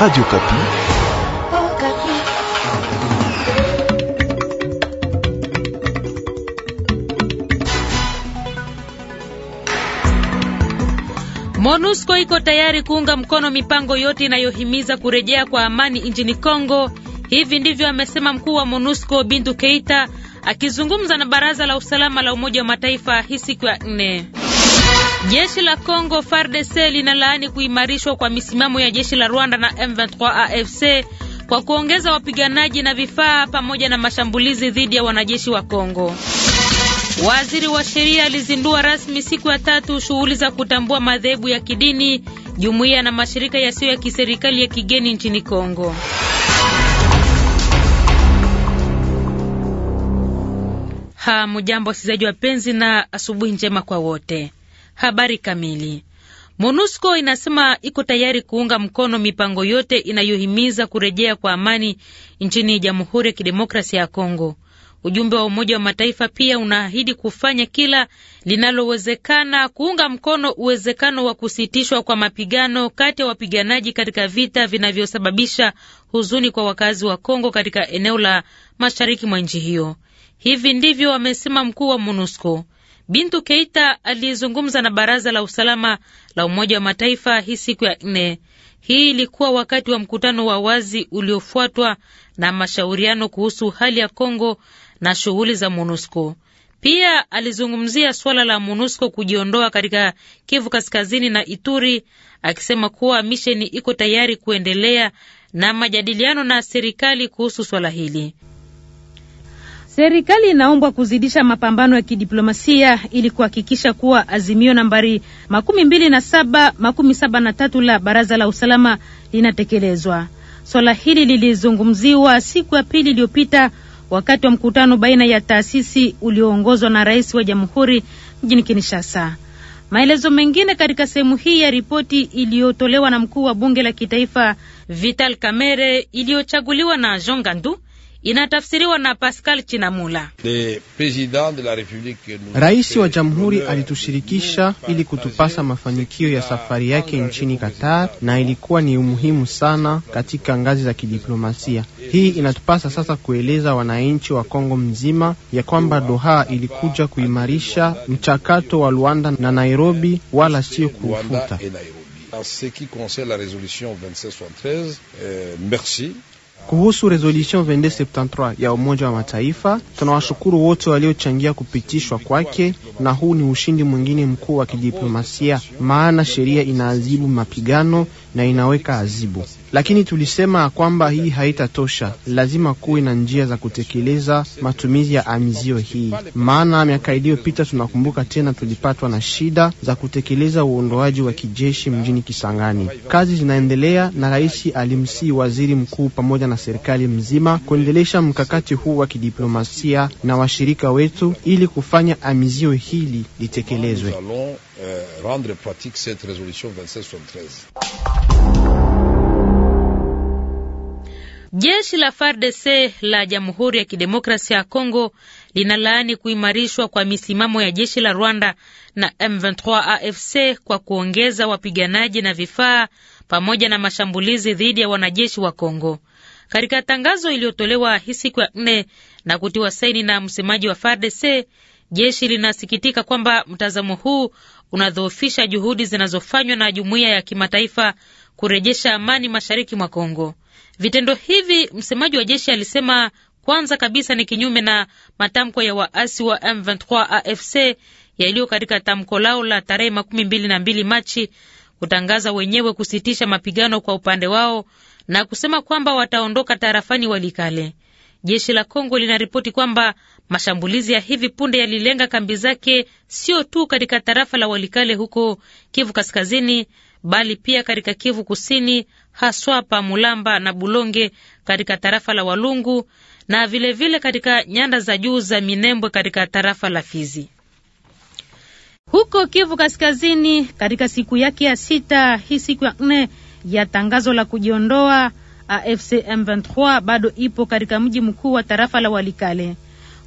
Radio Okapi. MONUSCO iko tayari kuunga mkono mipango yote inayohimiza kurejea kwa amani nchini Kongo. Hivi ndivyo amesema mkuu wa MONUSCO Bintu Keita akizungumza na Baraza la Usalama la Umoja wa Mataifa hii siku ya nne. Jeshi la Kongo FARDC linalaani kuimarishwa kwa misimamo ya jeshi la Rwanda na M23 AFC kwa kuongeza wapiganaji na vifaa pamoja na mashambulizi dhidi ya wanajeshi wa Kongo. Waziri wa sheria alizindua rasmi siku ya tatu shughuli za kutambua madhehebu ya kidini, jumuiya na mashirika yasiyo ya kiserikali ya kigeni nchini Kongo. mjambo wasikilizaji wapenzi, na asubuhi njema kwa wote. Habari kamili. MONUSCO inasema iko tayari kuunga mkono mipango yote inayohimiza kurejea kwa amani nchini Jamhuri ya Kidemokrasia ya Kongo. Ujumbe wa Umoja wa Mataifa pia unaahidi kufanya kila linalowezekana kuunga mkono uwezekano wa kusitishwa kwa mapigano kati ya wapiganaji katika vita vinavyosababisha huzuni kwa wakazi wa Kongo katika eneo la mashariki mwa nchi hiyo. Hivi ndivyo amesema mkuu wa MONUSCO. Bintu Keita alizungumza na Baraza la Usalama la Umoja wa Mataifa hii siku ya nne. Hii ilikuwa wakati wa mkutano wa wazi uliofuatwa na mashauriano kuhusu hali ya Kongo na shughuli za MONUSCO. Pia alizungumzia suala la MONUSCO kujiondoa katika Kivu Kaskazini na Ituri, akisema kuwa misheni iko tayari kuendelea na majadiliano na serikali kuhusu swala hili. Serikali inaombwa kuzidisha mapambano ya kidiplomasia ili kuhakikisha kuwa azimio nambari makumi mbili na saba makumi saba na tatu la Baraza la Usalama linatekelezwa. Swala hili lilizungumziwa siku ya pili iliyopita wakati wa mkutano baina ya taasisi ulioongozwa na rais wa jamhuri mjini Kinshasa. Maelezo mengine katika sehemu hii ya ripoti iliyotolewa na mkuu wa bunge la kitaifa Vital Kamere, iliyochaguliwa na Jean Gandu inatafsiriwa na Pascal Chinamula. Rais wa jamhuri alitushirikisha ili kutupasa mafanikio ya safari yake nchini Qatar, na ilikuwa ni umuhimu sana katika ngazi za kidiplomasia. Hii inatupasa sasa kueleza wananchi wa Kongo mzima ya kwamba Doha ilikuja kuimarisha mchakato wa Luanda na Nairobi, wala sio kuufuta. Kuhusu resolution 2273 ya Umoja wa Mataifa, tunawashukuru wote waliochangia kupitishwa kwake, na huu ni ushindi mwingine mkuu wa kidiplomasia, maana sheria inaadhibu mapigano na inaweka azibu, lakini tulisema kwamba hii haitatosha. Lazima kuwe na njia za kutekeleza matumizi ya amizio hii, maana miaka iliyopita tunakumbuka tena, tulipatwa na shida za kutekeleza uondoaji wa kijeshi mjini Kisangani. Kazi zinaendelea na rais alimsii waziri mkuu pamoja na serikali mzima kuendelesha mkakati huu wa kidiplomasia na washirika wetu ili kufanya amizio hili litekelezwe euh, rendre pratique cette résolution 2673. Jeshi la FARDC la Jamhuri ya Kidemokrasia ya Kongo linalaani kuimarishwa kwa misimamo ya jeshi la Rwanda na M23 AFC kwa kuongeza wapiganaji na vifaa pamoja na mashambulizi dhidi ya wanajeshi wa Kongo. Katika tangazo iliyotolewa hii siku ya nne na kutiwa saini na msemaji wa FARDC, Jeshi linasikitika kwamba mtazamo huu unadhoofisha juhudi zinazofanywa na jumuiya ya kimataifa kurejesha amani mashariki mwa Kongo. Vitendo hivi, msemaji wa jeshi alisema, kwanza kabisa ni kinyume na matamko ya waasi wa M23 AFC yaliyo katika tamko lao la tarehe makumi mbili na mbili Machi kutangaza wenyewe kusitisha mapigano kwa upande wao na kusema kwamba wataondoka tarafani Walikale. Jeshi la Kongo linaripoti kwamba mashambulizi ya hivi punde yalilenga kambi zake sio tu katika tarafa la Walikale huko Kivu Kaskazini, bali pia katika Kivu Kusini, haswa pa Mulamba na Bulonge katika tarafa la Walungu na vilevile vile katika nyanda za juu za Minembwe katika tarafa la Fizi. Huko Kivu Kaskazini, katika siku yake ya sita, hii siku ya nne ya tangazo la kujiondoa AFC M23 bado ipo katika mji mkuu wa tarafa la Walikale.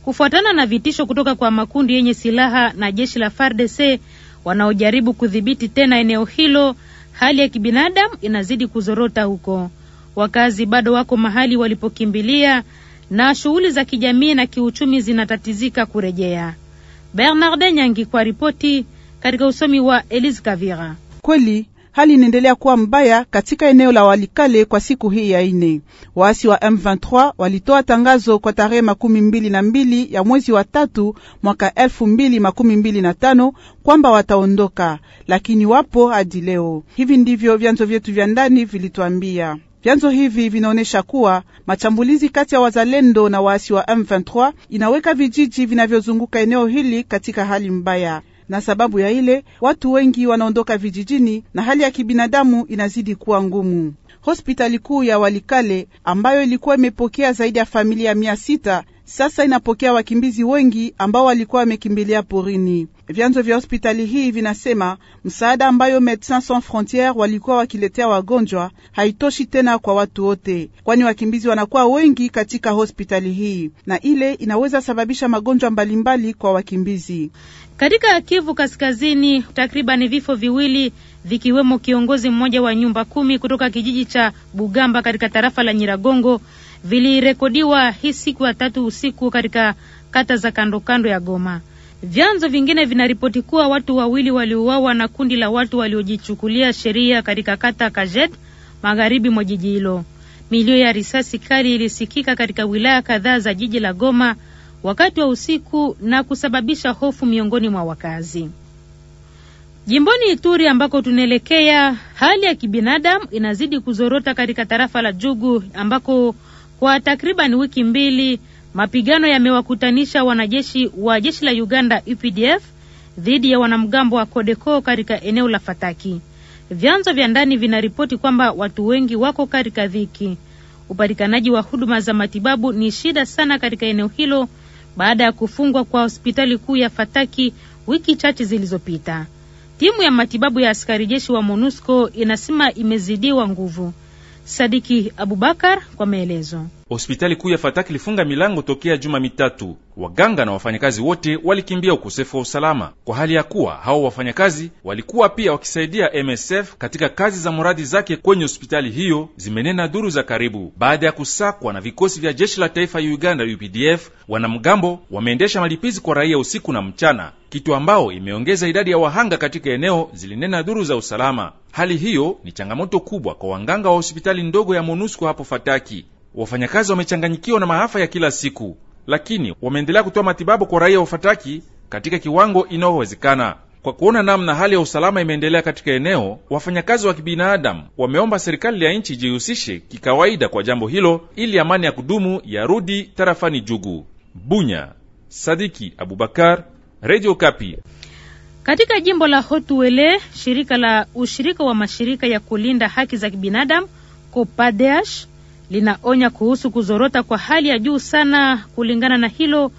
Kufuatana na vitisho kutoka kwa makundi yenye silaha na jeshi la FARDC wanaojaribu kudhibiti tena eneo hilo, hali ya kibinadamu inazidi kuzorota huko. Wakazi bado wako mahali walipokimbilia na shughuli za kijamii na kiuchumi zinatatizika kurejea. Bernard Nyangi kwa ripoti katika usomi wa Elise Kavira. Kweli hali inaendelea kuwa mbaya katika eneo la Walikale kwa siku hii ya ine. Waasi wa M23 walitoa tangazo kwa tarehe makumi mbili na mbili ya mwezi wa tatu mwaka elfu mbili makumi mbili na tano kwamba wataondoka, lakini wapo hadi leo. Hivi ndivyo vyanzo vyetu vya ndani vilituambia. Vyanzo hivi vinaonyesha kuwa machambulizi kati ya wazalendo na waasi wa M23 inaweka vijiji vinavyozunguka eneo hili katika hali mbaya na sababu ya ile watu wengi wanaondoka vijijini na hali ya kibinadamu inazidi kuwa ngumu. Hospitali kuu ya Walikale ambayo ilikuwa imepokea zaidi ya familia mia sita sasa inapokea wakimbizi wengi ambao walikuwa wamekimbilia porini. Vyanzo vya hospitali hii vinasema msaada ambayo Medecins Sans Frontieres walikuwa wakiletea wagonjwa haitoshi tena kwa watu wote, kwani wakimbizi wanakuwa wengi katika hospitali hii na ile inaweza sababisha magonjwa mbalimbali kwa wakimbizi. Katika Kivu Kaskazini, takriban vifo viwili vikiwemo kiongozi mmoja wa nyumba kumi kutoka kijiji cha Bugamba katika tarafa la Nyiragongo vilirekodiwa hii siku ya tatu usiku katika kata za kando kando ya Goma. Vyanzo vingine vinaripoti kuwa watu wawili waliuawa na kundi la watu waliojichukulia sheria katika kata Kajet magharibi mwa jiji hilo. Milio ya risasi kali ilisikika katika wilaya kadhaa za jiji la Goma wakati wa usiku na kusababisha hofu miongoni mwa wakazi. Jimboni Ituri ambako tunaelekea, hali ya kibinadamu inazidi kuzorota katika tarafa la Jugu ambako kwa takriban wiki mbili mapigano yamewakutanisha wanajeshi wa jeshi la Uganda UPDF dhidi ya wanamgambo wa Kodeko katika eneo la Fataki. Vyanzo vya ndani vinaripoti kwamba watu wengi wako katika dhiki. Upatikanaji wa huduma za matibabu ni shida sana katika eneo hilo baada ya kufungwa kwa hospitali kuu ya Fataki wiki chache zilizopita. Timu ya matibabu ya askari jeshi wa MONUSCO inasema imezidiwa nguvu. Sadiki Abubakar kwa maelezo. Hospitali kuu ya Fataki ilifunga milango tokea juma mitatu. Waganga na wafanyakazi wote walikimbia ukosefu wa usalama, kwa hali ya kuwa hao wafanyakazi walikuwa pia wakisaidia MSF katika kazi za muradi zake kwenye hospitali hiyo, zimenena duru za karibu. Baada ya kusakwa na vikosi vya jeshi la taifa ya Uganda UPDF, wanamgambo wameendesha malipizi kwa raia usiku na mchana, kitu ambao imeongeza idadi ya wahanga katika eneo, zilinena duru za usalama. Hali hiyo ni changamoto kubwa kwa wanganga wa hospitali ndogo ya MONUSCO hapo Fataki. Wafanyakazi wamechanganyikiwa na maafa ya kila siku, lakini wameendelea kutoa matibabu kwa raia wafataki katika kiwango inayowezekana. Kwa kuona namna hali ya usalama imeendelea katika eneo, wafanyakazi wa kibinadamu wameomba serikali ya nchi ijihusishe kikawaida kwa jambo hilo ili amani ya kudumu yarudi tarafani Jugu. Bunya, Sadiki Abubakar, Radio Kapi. Katika jimbo la Hotuele, shirika la ushirika wa mashirika ya kulinda haki za kibinadamu Kopadeash linaonya kuhusu kuzorota kwa hali ya juu sana kulingana na hilo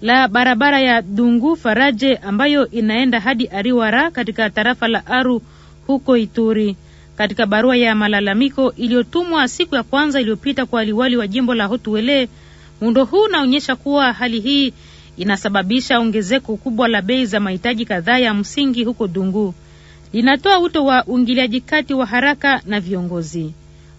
la barabara ya Dungu Faraje ambayo inaenda hadi Ariwara katika tarafa la Aru huko Ituri. Katika barua ya malalamiko iliyotumwa siku ya kwanza iliyopita kwa aliwali wa jimbo la Hotuele, muundo huu unaonyesha kuwa hali hii inasababisha ongezeko kubwa la bei za mahitaji kadhaa ya msingi huko Dungu. Linatoa wito wa uingiliaji kati wa haraka na viongozi.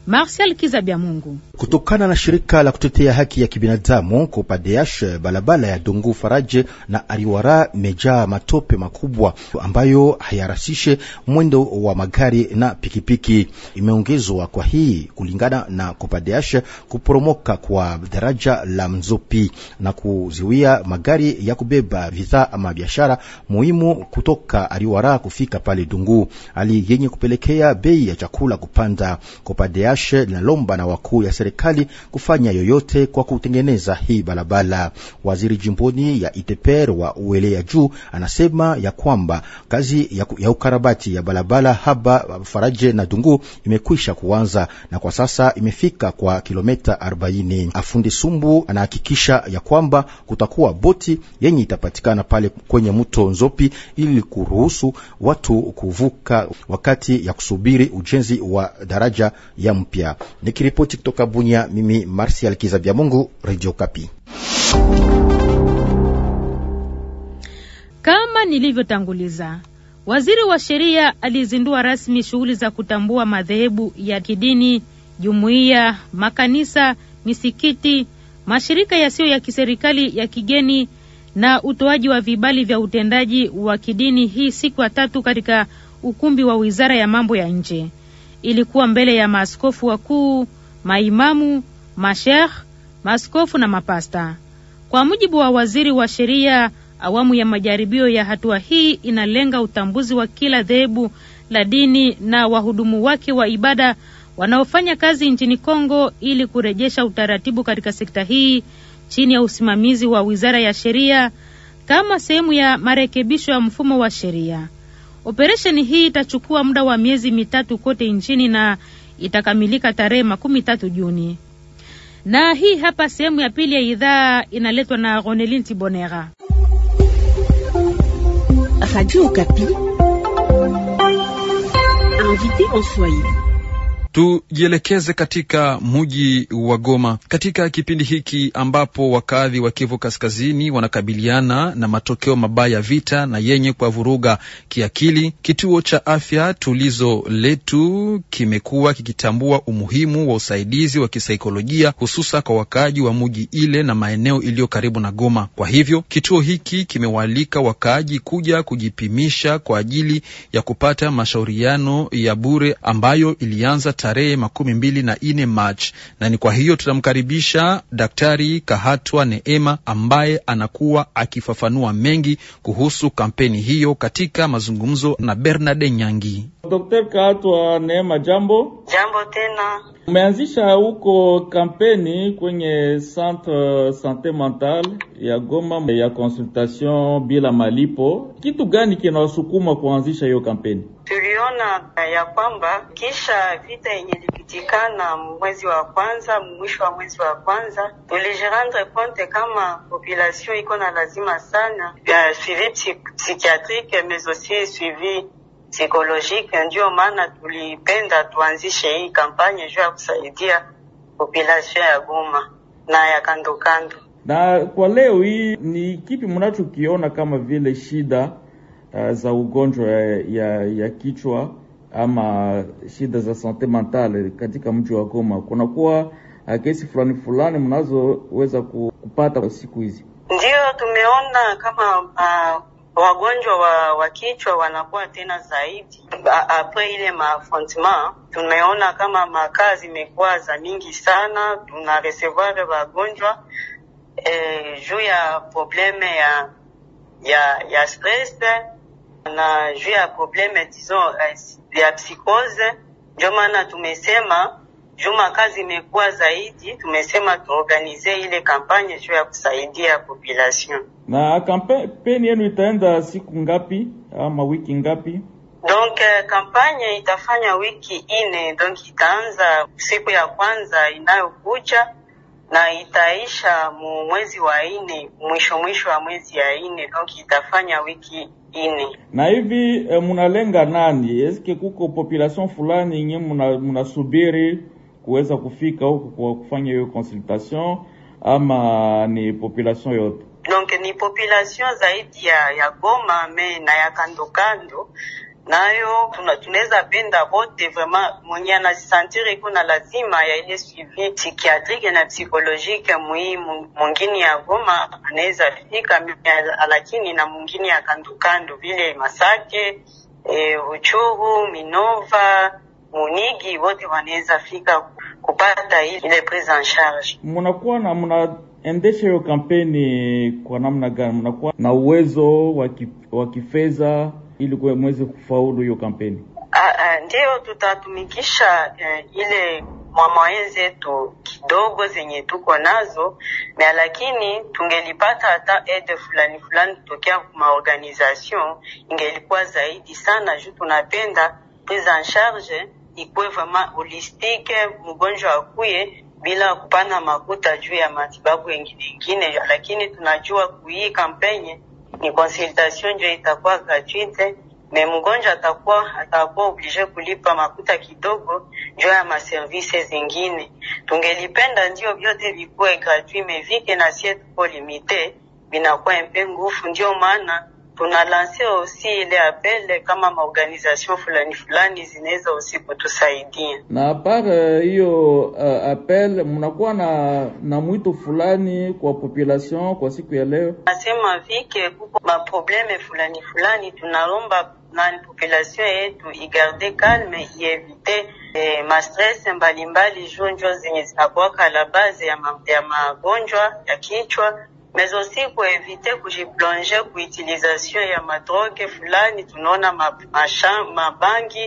Martial Kizabia Mungu kutokana na shirika la kutetea haki ya kibinadamu Kopadeash, barabara ya Dongo Faraje na Ariwara mejaa matope makubwa ambayo hayarasishe mwendo wa magari na pikipiki. Imeongezwa kwa hii kulingana na Kopadeash kuporomoka kwa daraja la Mzopi na kuziwia magari ya kubeba bidhaa ama biashara muhimu kutoka Ariwara kufika pale Dungu, hali yenye kupelekea bei ya chakula kupanda. Kopadeash linalomba na wakuu ya serikali serikali kufanya yoyote kwa kutengeneza hii barabara. Waziri jimboni ya Iteper wa uele ya juu anasema ya kwamba kazi ya, ya ukarabati ya barabara haba Faraje na Dungu imekwisha kuanza na kwa sasa imefika kwa kilomita 40. Afundi Sumbu anahakikisha ya kwamba kutakuwa boti yenye itapatikana pale kwenye mto Nzopi ili kuruhusu watu kuvuka wakati ya kusubiri ujenzi wa daraja ya mpya. Nikiripoti kutoka Bunia. Mimi Martial Kizabia Mungu, Radio Kapi. Kama nilivyotanguliza, waziri wa sheria alizindua rasmi shughuli za kutambua madhehebu ya kidini, jumuiya, makanisa, misikiti, mashirika yasiyo ya kiserikali ya kigeni na utoaji wa vibali vya utendaji wa kidini hii siku ya tatu katika ukumbi wa Wizara ya Mambo ya Nje. Ilikuwa mbele ya maaskofu wakuu, maimamu, mashekh, maskofu na mapasta. Kwa mujibu wa waziri wa sheria, awamu ya majaribio ya hatua hii inalenga utambuzi wa kila dhehebu la dini na wahudumu wake wa ibada wanaofanya kazi nchini Kongo ili kurejesha utaratibu katika sekta hii chini ya usimamizi wa Wizara ya Sheria kama sehemu ya marekebisho ya mfumo wa sheria. Operesheni hii itachukua muda wa miezi mitatu kote nchini na itakamilika tarehe makumi tatu Juni. Na hii hapa sehemu ya pili ya idhaa inaletwa na Ronelin Tibonera. Radio Okapi invité en Swahili Tujielekeze katika mji wa Goma katika kipindi hiki ambapo wakazi wa Kivu Kaskazini wanakabiliana na matokeo mabaya ya vita na yenye kwa vuruga kiakili. Kituo cha afya Tulizo Letu kimekuwa kikitambua umuhimu wa usaidizi wa kisaikolojia hususa kwa wakaaji wa mji ile na maeneo iliyo karibu na Goma. Kwa hivyo kituo hiki kimewaalika wakaaji kuja kujipimisha kwa ajili ya kupata mashauriano ya bure ambayo ilianza tarehe makumi mbili na ine Machi, na ni kwa hiyo tunamkaribisha Daktari Kahatwa Neema ambaye anakuwa akifafanua mengi kuhusu kampeni hiyo katika mazungumzo na Bernard Nyangi. Dr. Katwa Neema, jambo. Jambo tena. Umeanzisha huko kampeni kwenye centre sante mentale ya Goma ya consultation bila malipo. Kitu gani kinawasukuma kuanzisha hiyo kampeni? Tuliona ya kwamba kisha vita yenye ilipitikana mwezi wa kwanza, mwisho wa mwezi wa kwanza, tulijirendre compte kama population iko na lazima sana ya suivi psychiatrique mais aussi suivi psychologique. Ndio maana tulipenda tuanzishe hii kampanye juu ya kusaidia population ya Goma na ya kando kando. Na kwa leo hii ni kipi mnachokiona kama vile shida uh, za ugonjwa ya, ya kichwa ama shida za sante mentale katika mji wa Goma? Kunakuwa uh, eh, kesi fulani fulani mnazoweza kupata siku hizi? Ndio tumeona kama uh, wagonjwa wa, wa kichwa wanakuwa tena zaidi apres ile maafrontima. Tumeona kama makaa imekuwa za mingi sana, tuna recevoir wagonjwa eh, juu ya probleme ya ya ya stress na juu ya probleme disons eh, ya psikose. Ndio maana tumesema Juma kazi imekuwa zaidi, tumesema tuorganize ile kampanye juu ya kusaidia population. Na kampeni yenu itaenda siku ngapi ama wiki ngapi? Donc kampanye euh, itafanya wiki ine, donc itaanza siku ya kwanza inayokuja na itaisha mu mwezi wa ine, mwisho mwisho wa mwezi ya ine, donc itafanya wiki ine. Na hivi eh, munalenga nani? Eske kuko population fulani yenye munasubiri muna kuweza kufika huko kwa kufanya hiyo consultation ama ni population yote? Donc ni population zaidi ya ya Goma me na ya kando kando nayo tuna, tunaweza penda wote vraiment mwenye anajisantiri kuna lazima ya ile suivi psikiatrike na psychologique muhimu. Mwingine ya Goma anaweza fika, lakini na mwingine ya kando kando vile Masake, e, eh, Uchuru, Minova Munigi wote wanaweza fika kupata ile prise en charge. Munakuwa na mnaendesha hiyo kampeni kwa namna gani? Mnakuwa na uwezo wa kifedha ili mweze kufaulu hiyo kampeni? Ah, ah, Ndiyo, tutatumikisha eh, ile mwamwaye zetu kidogo zenye tuko nazo na lakini, tungelipata hata aide fulani fulani kutokea kuma organization ingelikuwa zaidi sana, juu tunapenda prise en charge ikuwe vama holistike, mgonjwa akuye bila kupana makuta juu ya matibabu ingine ingine, lakini tunajua kuhii kampenye ni consultation ndio itakuwa gratuite me mgonjwa atakuwa atakuwa oblige kulipa makuta kidogo juu ya maservice zingine. Tungelipenda ndio vyote vikuwe gratuit, mevike na sie tuko limite, vinakuwa mpe ngufu, ndio maana tunalansia osi ile apele kama maorganization fulani fulani zinaweza usi kutusaidia. Na par euh, hiyo uh, apel mnakuwa na na mwito fulani kwa population kwa siku ya leo, nasema vike kuko maprobleme fulani fulani, tunalomba na population yetu igarde calme, ievite eh, mastrese mbalimbali, jonjo zenye zinakuwaka la base ya magonjwa ya kichwa mais aussi kuevite kujiplonge kuutilization ya madroge fulani, tunaona mabangi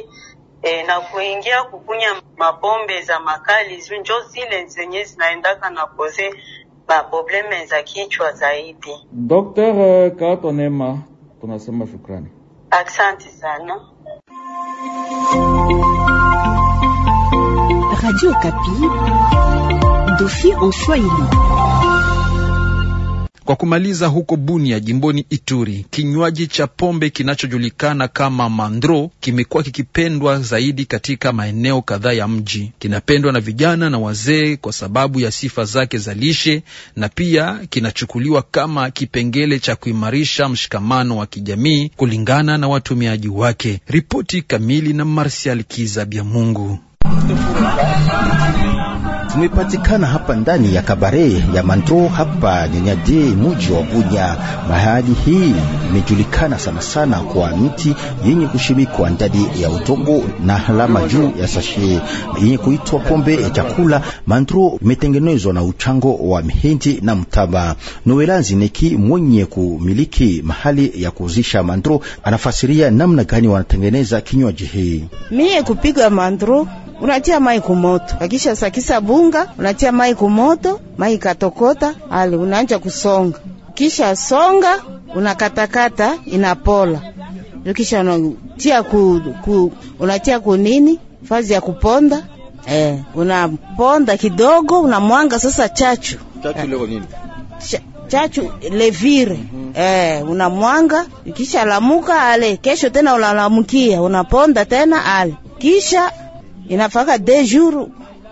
e, na kuingia kukunya mapombe za makali njo zile zenye zinaendaka na koze maprobleme za kichwa zaidi. Dr. Euh, Katonema, tunasema shukrani, asante sana. Radio Kapi, dossier en Swahili. Kwa kumaliza, huko Bunia jimboni Ituri, kinywaji cha pombe kinachojulikana kama mandro kimekuwa kikipendwa zaidi katika maeneo kadhaa ya mji. Kinapendwa na vijana na wazee kwa sababu ya sifa zake za lishe, na pia kinachukuliwa kama kipengele cha kuimarisha mshikamano wa kijamii kulingana na watumiaji wake. Ripoti kamili na Marsial Kiza Bya Mungu tumepatikana hapa ndani ya kabare ya Mandro hapa Nyanyade, muji wa Bunya. Mahali hii imejulikana sana sana kwa miti yenye kushimikwa ndani ya udongo na alama juu ya sashe yenye kuitwa pombe ya chakula. Mandro imetengenezwa na uchango wa mihindi na mtaba. Noelanzi Zineki mwenye kumiliki mahali ya kuuzisha mandro anafasiria namna gani wanatengeneza kinywaji hii. Mie kupiga mandro, unatia mai kumoto, akisha sakisa bunga unga, unatia mai kumoto, mai katokota, ali unaanja kusonga, kisha songa, unakatakata inapola, kisha unatia ku, ku, unatia kunini fazi ya kuponda eh, unaponda kidogo, unamwanga sasa chachu chachu, leo nini Ch chachu levire mm -hmm. Eh, unamwanga kisha lamuka ale, kesho tena unalamukia, unaponda tena ale, kisha inafaka de jour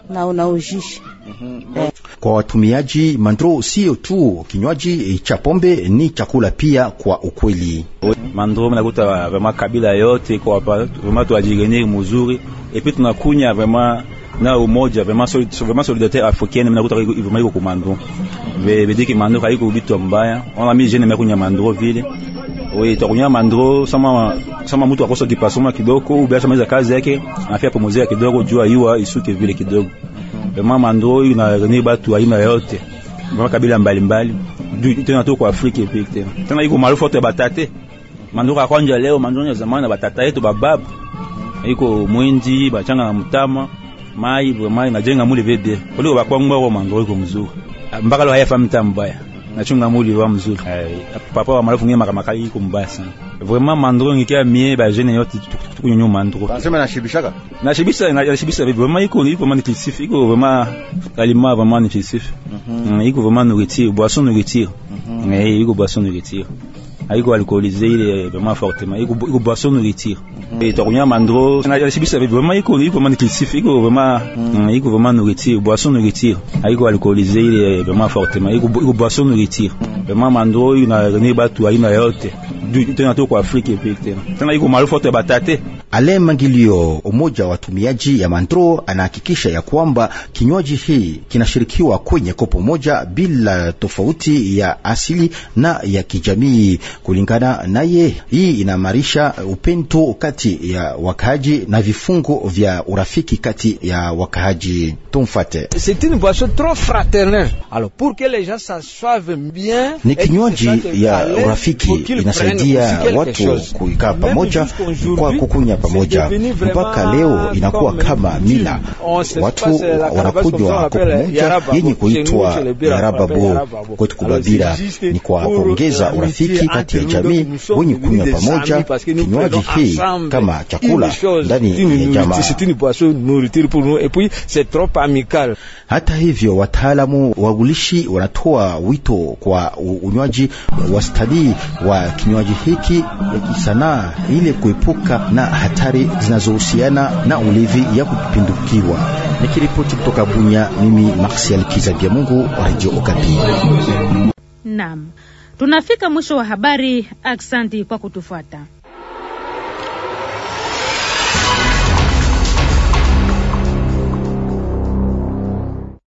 na unaujishi mm -hmm. eh. Kwa watumiaji mandro sio tu kinywaji cha pombe, ni chakula pia. Kwa ukweli mandro mnakuta vema kabila yote kwa vema tuajirenie muzuri epi tunakunya vema na umoja vema solidarite africaine mnakuta vema iko kumandro ki mandro haiko bitu mbaya ona mi jene mekunya mandro vile we itakunywa mandro sama sama mtu akosa kipasoma kidogo, ubiacha maliza kazi yake anafia pomozea kidogo, jua iwa isuke vile kidogo. Mama mandro inarenye batu aina yote makabila mbalimbali tena tu kwa Afrika pia tena tena iko maarufu watu batate mandro ya leo mandro ya zamani na batata yetu bababu iko mwindi bachanga na mtama mai mai najenga mule vede kuliko bakwangwa kwa mandro iko mzuri mpaka leo hayafahamu tambaya nachunga mwili wa mzuri eh, papa wa malafu ngie makamaka iko mbaya sana vraiment mandro ngikia mie ba jeune yote tukunyonyo mandro nasema nashibishaka nashibisha nashibisha bibi vraiment iko iko man kilsif iko vraiment kalima vraiment kilsif mhm. mm, iko vraiment nourriture boisson nourriture mhm. eh, iko boisson nourriture aiko alcooliser ile vraiment fortement iko iko boisson nourriture et tokunya mandro na yasibisa bibi vraiment iko iko man kilsif iko vraiment iko mm. vraiment nourriture boisson nourriture aiko alcooliser ile vraiment fortement iko iko boisson nourriture vraiment mandro ina ne batu aina yote tena to kwa afrique pe tena tena iko malufoto batate Alain Mangilio, umoja wa watumiaji ya Mandro, anahakikisha ya kwamba kinywaji hii kinashirikiwa kwenye kopo moja bila tofauti ya asili na ya kijamii. Kulingana naye, hii inamarisha upendo kati ya wakaaji na vifungo vya urafiki kati ya wakaaji. Tumfate. Ni kinywaji ya urafiki, inasaidia watu kuikaa pamoja kwa kukunya pamoja. Mpaka leo inakuwa kama mila, watu wanakunywa kopo moja yenye kuitwa bo. kwetu kubadira Ni kwa kuongeza urafiki kati ya jamii wenye kunywa pamoja kinywaji hii kama chakula ndani ya jamaa. Hata hivyo, wataalamu wa ulishi wanatoa wito kwa unywaji wa stadi wa kinywaji hiki ya kisanaa ili kuepuka na hatari zinazohusiana na ulevi ya kupindukiwa. Nikiripoti kutoka Bunya, mimi Marsial Kizabia Mungu, Radio Okapi. Naam, tunafika mwisho wa habari. Aksanti kwa kutufuata.